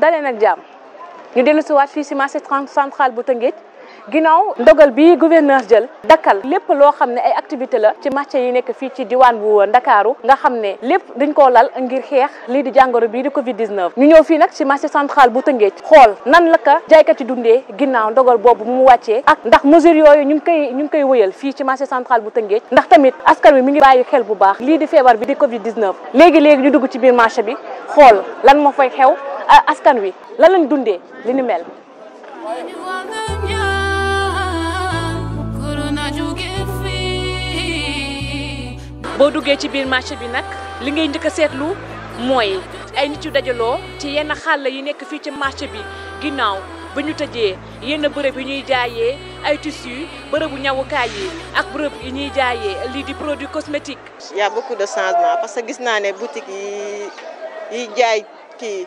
daleen ak jàmm ñu dellu si fii si marché centrale bu Tëngéej ginnaaw ndogal bi gouverneur jël dakkal lépp loo xam ne ay activité la ci marché yi nekk fii ci diwaan bu ndakaaru nga xam ne lépp dañ koo lal ngir xeex lii di jàngoro bii di covid 19 ñu ñëw fii nag ci marché centrale bu Tëngéej xool nan la ka jaaykat yi dundee ginnaaw ndogal boobu mu wàccee ak ndax mesure yooyu ñu ngi koy ñu ngi koy wëyal fii ci marché central bu Tëngéej ndax tamit askan wi mu ngi bàyyi xel bu baax lii di feebar bi di covid 19 léegi-léegi ñu dugg ci biir marché bi xool lan moo fay xew Euh, askan wi la dundee li ni mel. boo duggee ci biir marché bi nag li ngay njëkk seetlu mooy ay nit yu dajaloo ci yenn xàll yi nekk fii ci marché bi ginnaaw ba ñu tëjee yenn bërëb yi ñuy jaayee ay tissus bërëbu ñawukaay yi ak bërëb yi ñuy jaayee lii di produit cosmétique. y a beaucoup de changement parce que gis naa ne boutique yi yi jaay kii.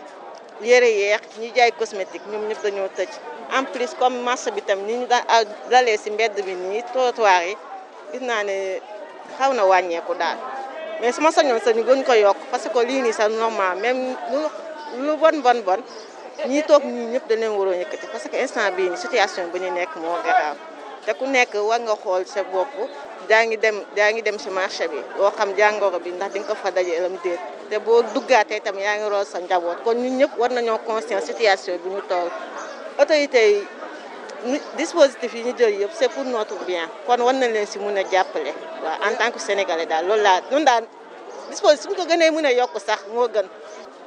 yére yeex ñi jaay cosmétique ñoom ñëpp dañoo tëj en plus comme marché bi tam ni ñu ah, dalee si mbedd bi nii trottoir yi gis naa ne xaw na wàññeeku daal mais su ma sañoon sax ñu gën ko yokk parce que lii nii sa normal même lu lu bon bon bon ñii toog ñii ñëpp dañ leen parce que instant bii nii situation bu ñu nekk moo garaaw te ku nekk war nga xool se bopp jaa ngi dem jaa ngi dem si marché bi doo xam jàngoro bi ndax di nga ko fa daje elam déet te boo duggaatee tam yaa ngi rool sa njaboot kon ñun ñëpp war nañoo conscience situation bi ñu toll autorité tey dispositif yi ñu jël yëpp c'est pour notre bien kon war nañ leen si mun a jàppale waaw en tant que sénégalais daal loolu laa ñun daal dispositif suñ ko gënee mun a yokk sax moo gën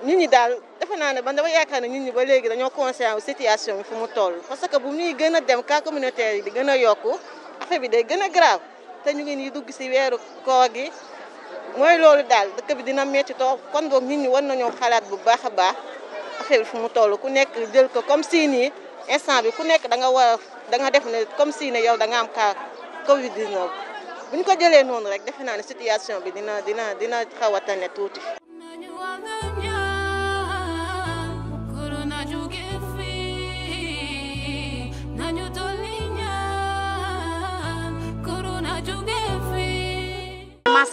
nit ñi daal defe naa ne man dama yaakaar ne nit ñi ba léegi dañoo conscient situation bi fu mu toll parce que bu ñuy gën a dem cas communautaire yi di gën a yokku bi day gën a grave te ñu ngi nii dugg si weeru koor gi mooy loolu daal dëkk bi dina métti kon boog nit ñi war nañoo xalaat bu baax a baax affaire bi fu mu toll ku nekk jël ko comme si nii instant bi ku nekk da nga war da nga def ne comme si ne yow danga nga am cas Covid 19 bu ñu ko jëlee noonu rek defe naa ne situation bi dina dina dina xaw a tane tuuti.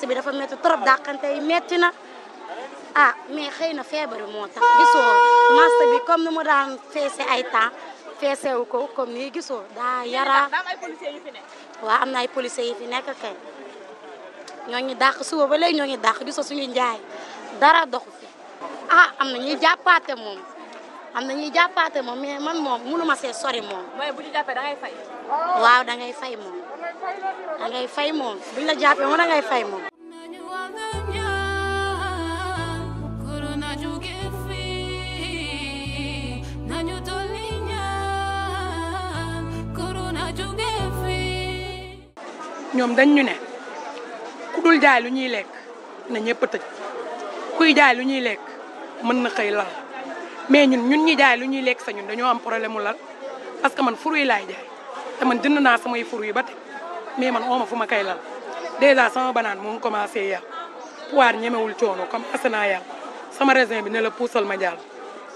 bi dafa métti trop dàqante yi métti na a ah, mais xëy na feebar moo tax gisoo marché bi comme nu mu daan feese ay temps feesewu ko comme nii gisoo daa yaraa waaw am na ay policiers yi fi nekk kay ñoo ngi dàq suba ba léegi ñoo ngi dàq gisoo suñu njaay dara doxu fi ah am na ñuy jàppaate moom am na ñuy jàppaate moom mais man moom mënu ma see sori moom. mooy bu ñu jàppee da ngay fay. waaw da fay moom da ngay fay fay moom. ñoom dañ ñu ne ku dul jaay lu ñuy lekk na ñëpp tëj kuy jaay lu ñuy lekk mën na xëy lal mais ñun ñun ñi jaay lu ñuy lekk sa ñun dañoo am problème mu lal parce que man fruits laay jaay te man jënd naa samay fruits ba tey mais man ooma fu ma koy lal dèjà sama banaan mu ngi commencé yàqu puwaar ñemewul coono commencé naa yàqu sama raisin bi ne la puusal ma jàll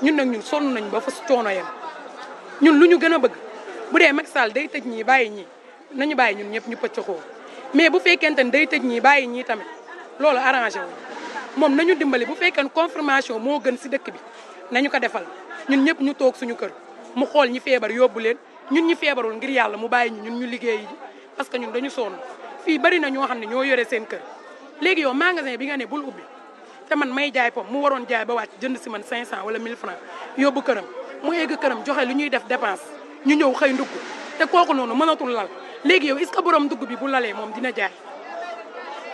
ñun nag ñun sonn nañ ba fa coono yem ñun lu ñu gën a bëgg bu dee Macky Sall day tëj ñii bàyyi ñii. nañu bàyyi ñun ñëpp ñu pëccaxoo mais bu fekkente ne day tëj ñii bàyyi ñii tamit loolu arrangé wu moom nañu dimbali bu fekkee confirmation moo gën si dëkk bi nañu ko defal ñun ñëpp ñu toog suñu kër mu xool ñi feebar yóbbu leen ñun ñi feebarul ngir yàlla mu bàyyi ñu ñun ñu liggéey parce que ñun dañu sonn fii bari na ñoo xam ne ñoo yore seen kër léegi yow magasin bi nga ne bul ubbi te man may jaay pom mu waroon jaay ba wàcc jënd si man 500 wala 1000 francs yóbbu këram mu joxe lu ñuy def dépense ñu ñëw xëy te kooku noonu mënatul lal léegi yow est-ce que borom dugub bi bu lalee moom dina jaay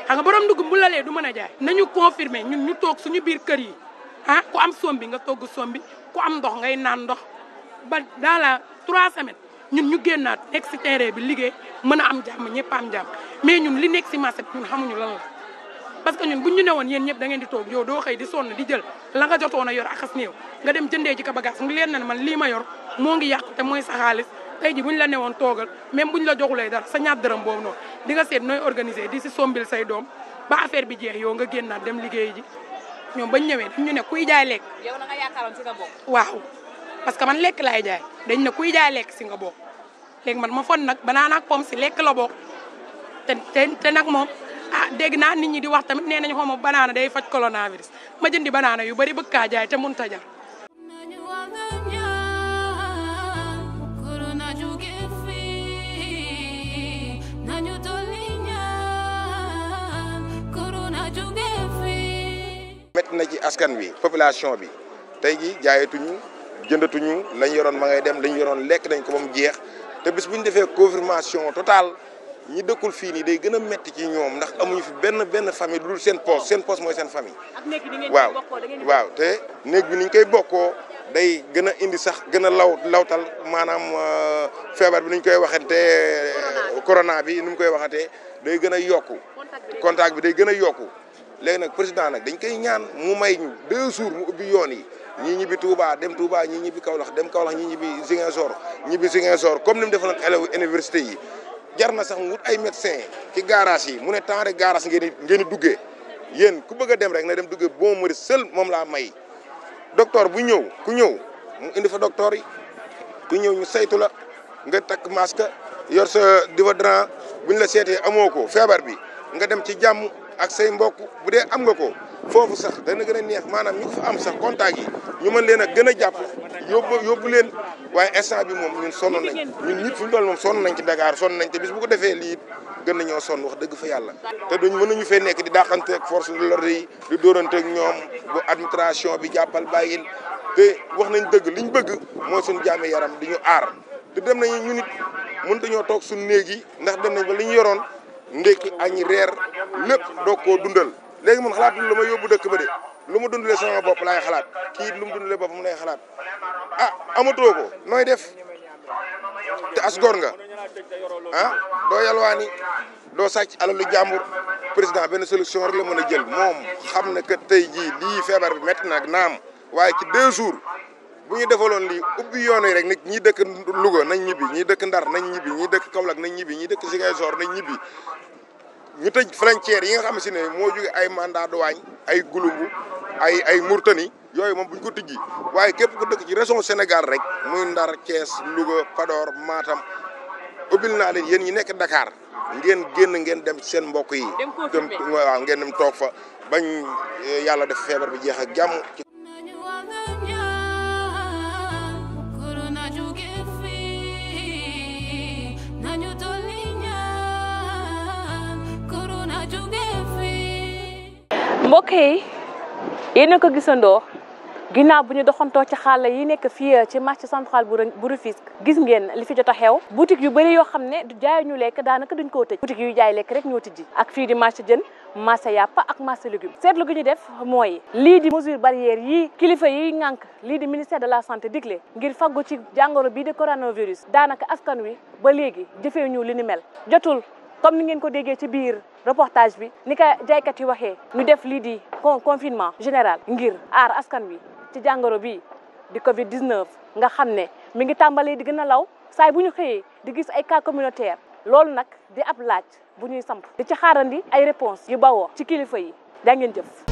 xam nga borom dugub bu lalee du mën a jaay nañu confirmer ñun ñu toog suñu biir kër yi ah ku am sombi nga togg sombi ku am ndox ngay naan ndox ba dans la trois semaines ñun ñu génnaat nekk si terrain bi liggéey mën a am jàmm ñëpp am jàmm ñun li nekk si marché bi ñun xamuñu lan la parce que ñun buñ ñu newoon yéen ñëpp dangeen di toog yow doo xëy di sonn di jël la nga jotoon a yor akas néew nga dem jëndee ji ka bagage mu leen na man lii ma yor moo ngi yàq mooy sa tey ji bu ñu la newoon toogal même bu ñu la joxulee dara sa ñaar dërëm boobu noonu di nga seet nooy organiser di si sombil say doom ba affaire bi jeex yow nga génnaat dem liggéey ji ñoom bañ ñëwee ñu ne kuy jaay lekk. yow na nga waaw parce que man lekk laay jaay dañ ne kuy jaay lekk si nga bokk léegi man ma fon nag banaan ak pomme si lekk la bokk te te te nag moom ah dégg naa nit ñi di wax tamit nee nañ xaw ma banaana day faj coronavirus ma jëndi banaana yu bari bëgg kaa jaay te mënut a na ci askan bi population bi tey gi jaayatuñu jëndatuñu lañ yoroon ma ngay dem lañu yoroon lekk nañ ko ba mu jeex te bis bu ñu defee confirmation totale ñi dëkkul fii nii day gën a metti ci ñoom ndax amuñu fi benn benn famille dul seen poos seen poos mooy seen famille. waaw waaw te néeg bi ni ñu koy bokkoo day gën a indi sax gën a law lawtal maanaam euh, feebar bi ni ñu koy waxante corona bi ni mu koy waxantee day gën a yokku contact bi day gën a yokku léegi nag président nag dañ koy ñaan mu may ñu deux jour mu ubbi yoon yi ñii ñibbi Touba dem Touba ñii ñibbi Kaolack dem Kaolack ñii ñibbi Ziguinchor ñibbi Ziguinchor comme ni mu defaloon élèves université yi jar na sax mu ay médecin ci garage yi mu ne temps rek garage ngeen ngeen duggee yéen ku bëgg a dem rek na dem duggee bon mari seul moom laa may docteur bu ñëw ku ñëw indi fa docteur yi ku ñëw ñu saytu la nga takk masque yor sa déodorant bu ñu la seetee amoo ko feebar bi nga dem ci jàmm. ak say mbokk bu dee am nga ko foofu sax dana gën a neex maanaam ñu fa am sax contact yi ñu mën leen a gën a jàpp yóbbu yóbbu leen waaye instant bi moom ñun sonn nañ ñun nit fu doon moom sonn nañ ci Dakar sonn nañ te bis bu ko defee lii gën nañoo sonn wax dëgg fa yàlla te duñ mënuñu fee nekk di dàqante ak force de l'ordre yi di dóorante ak ñoom bu administration bi jàppal bàyyil te wax nañ dëgg liñ bëgg mooy suñu jaame yaram di ñu aar te dem nañu ñu nit mën dañoo toog suñu néeg yi ndax dem nañ ba li ñu yoroon ndékki añ reer lépp doog koo dundal léegi man xalaat lu ma yóbbu dëkk ba de lu ma dundalee sama bopp laay xalaat kii lu mu dundalee bopp mu lay xalaat ah amatoo ko nooy def te as gor nga ah doo yalwaani doo sàcc alalu jàmbur président benn solution rek la mën a jël moom xam na que tey jii lii feebar bi metti nag naam waaye ki deux jours bu ñu defaloon lii ubbi yoon yi rek nit ñi dëkk Louga nañ ñibbi ñi dëkk Ndar nañ ñibbi ñi dëkk kawlak nañ ñibbi ñi dëkk Ziguinchor nañ ñibbi ñu tëj frontière yi nga xam si ne moo jóge ay mandat douane ay Gouloumbou ay ay Mourtani yooyu moom bu ñu ko tijji waaye képp ku dëkk ci région senegal rek muy Ndar cees Louga padoor maatam ubbil naa leen yéen ñi nekk Dakar ngeen génn ngeen dem ci seen mbokk yi. waaw ngeen dem toog fa bañ eh, yàlla def feebar bi jeex ak jàmm. ok yi yéen a ko gisandoo ginnaaw bu ñu doxantoo ci xàll yi nekk fii ci marché central bu Rufisque gis ngeen li fi jot a xew boutique yu bëri yoo xam ne du ñu lekk daanaka duñ koo tëj boutique yu jaay lekk rek ñoo tijji ak fii di marché jën marché yàpp ak marché légumes seetlu gi ñu def mooy lii di mesure barrière yi kilifa yi ŋànk lii di ministère de la santé digle ngir faggu ci jàngoro bii di coronavirus daanaka askan wi ba léegi jëfee ñu li ni mel jotul comme ni ngeen ko déggee ci biir reportage bi ni ka jaaykat yi waxee ñu def lii di confinement général ngir aar askan wi ci jàngoro bi di Covid 19 nga xam ne mi ngi tàmbalee di gën a law saay bu ñu xëyee di gis ay cas communautaire loolu nag di ab laaj bu ñuy samp di ci xaarandi ay réponse yu bawoo ci kilifa yi daa ngeen jëf.